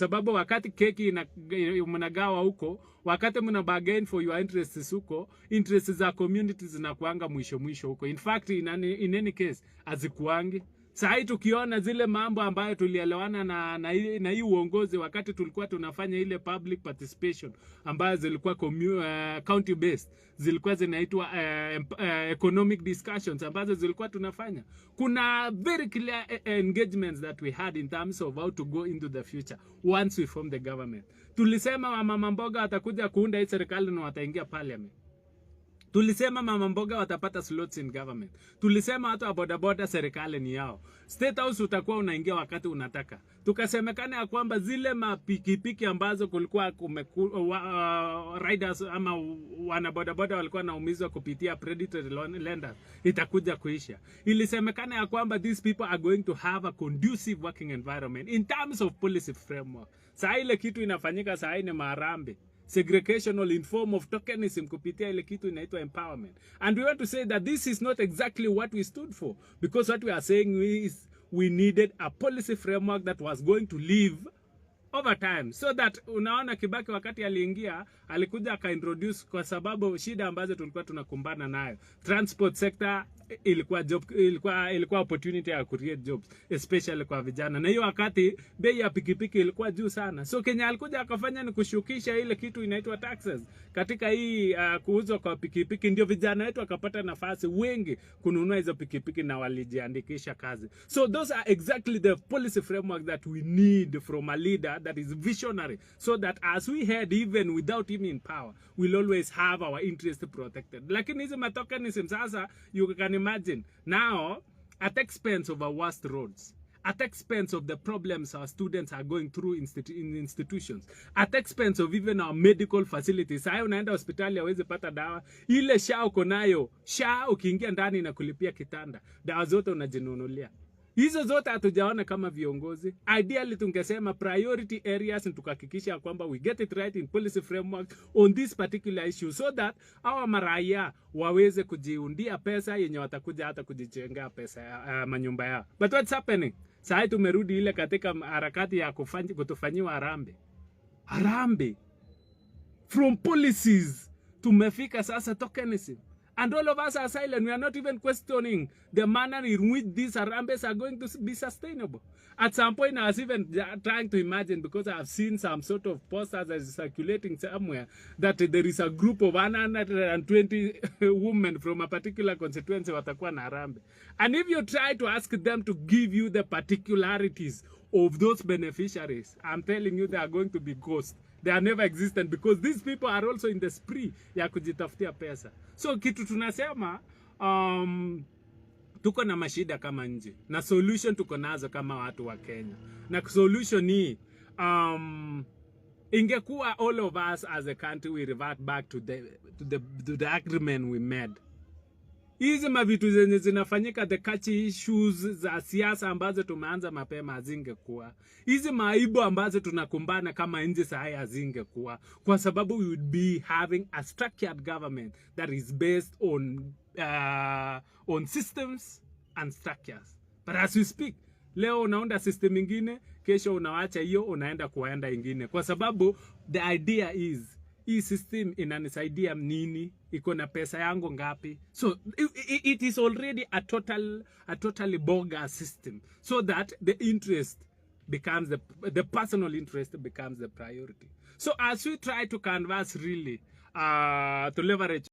sababu wakati keki mnagawa huko, wakati mna bargain for your interests huko, interests za community zinakuanga mwisho mwisho huko. In fact, in any, in any case azikuangi Sahii tukiona zile mambo ambayo tulielewana na, na, na hii uongozi wakati tulikuwa tunafanya ile public participation ambayo zilikuwa commu, uh, county based zilikuwa zinaitwa uh, uh, economic discussions ambazo zilikuwa tunafanya. Kuna very clear engagements that we had in terms of how to go into the future once we form the government. Tulisema wamama mboga watakuja kuunda hii serikali na wataingia parliament. Tulisema mama mboga watapata slots in government. Tulisema watu wa bodaboda serikali ni yao. State House utakuwa unaingia wakati unataka. Tukasemekana ya kwamba zile mapikipiki ambazo kulikuwa kumeku, uh, uh, riders ama wana wanabodaboda walikuwa naumizwa kupitia predatory lenders itakuja kuisha. Ilisemekana ya kwamba these people are going to have a conducive working environment in terms of policy framework. Saa ile kitu inafanyika saa hii ni marambi segregational in form of tokenism kupitia ile kitu inaitwa empowerment. And we want to say that this is not exactly what we stood for because what we are saying is we needed a policy framework that was going to leave overtime so that unaona Kibaki wakati aliingia alikuja akaintroduce, kwa sababu shida ambazo tulikuwa tunakumbana nayo transport sector eh, ilikuwa job, ilikuwa ilikuwa opportunity ya create jobs especially kwa vijana, na hiyo wakati bei ya pikipiki ilikuwa juu sana. So Kenya alikuja akafanya ni kushukisha ile kitu inaitwa taxes katika hii uh, kuuzwa kwa pikipiki, ndio vijana wetu wakapata nafasi wengi kununua hizo pikipiki na walijiandikisha kazi. So those are exactly the policy framework that we need from a leader that is visionary, so that as we head, even without him in power, we'll always have our interest protected. Lakini hizi matokenism sasa, you can imagine now at expense of our worst roads at expense of the problems our students are going through institu in institutions, at expense of even our medical facilities. Sasa unaenda hospitali hawezi pata dawa, ile sha uko nayo, sha ukiingia ndani na kulipia kitanda, dawa zote unajinunulia. Hizo zote hatujaona kama viongozi. Ideally tungesema priority areas tukahakikisha kwamba we get it right in policy framework on this particular issue so that our maraia waweze kujiundia pesa yenye watakuja hata kujijengea pesa uh, manyumba yao. But what's happening? Sasa tumerudi ile katika harakati ya kufanyi, kutufanyiwa harambee. Harambee from policies tumefika sasa tokenism. And all of us are silent. We are not even questioning the manner in which these arambes are going to be sustainable. At some point, I was even trying to imagine because I've seen some sort of posters that is circulating somewhere that there is a group of 120 women from a particular constituency watakuwa na arambe. And if you try to ask them to give you the particularities of those beneficiaries, I'm telling you they are going to be ghosts. they are never existent because these people are also in the spree ya kujitafutia pesa. So kitu tunasema um, tuko na mashida kama nje na solution tuko nazo kama watu wa Kenya, na solution hii um, ingekuwa all of us as a country we revert back to the, to the, to the agreement we made hizi mavitu zenye zinafanyika, the catch issues za siasa ambazo tumeanza mapema hazingekuwa. Hizi maibu ambazo tunakumbana kama nchi saa hii hazingekuwa, kwa sababu we would be having a structured government that is based on uh, on systems and structures but as we speak leo unaunda system ingine, kesho unawacha hiyo, unaenda kuenda ingine, kwa sababu the idea is hii system inanisaidia nini? Iko na pesa yangu ngapi? So it, it is already a total a totally bogus system so that the interest becomes the, the personal interest becomes the priority. So as we try to converse really uh, to leverage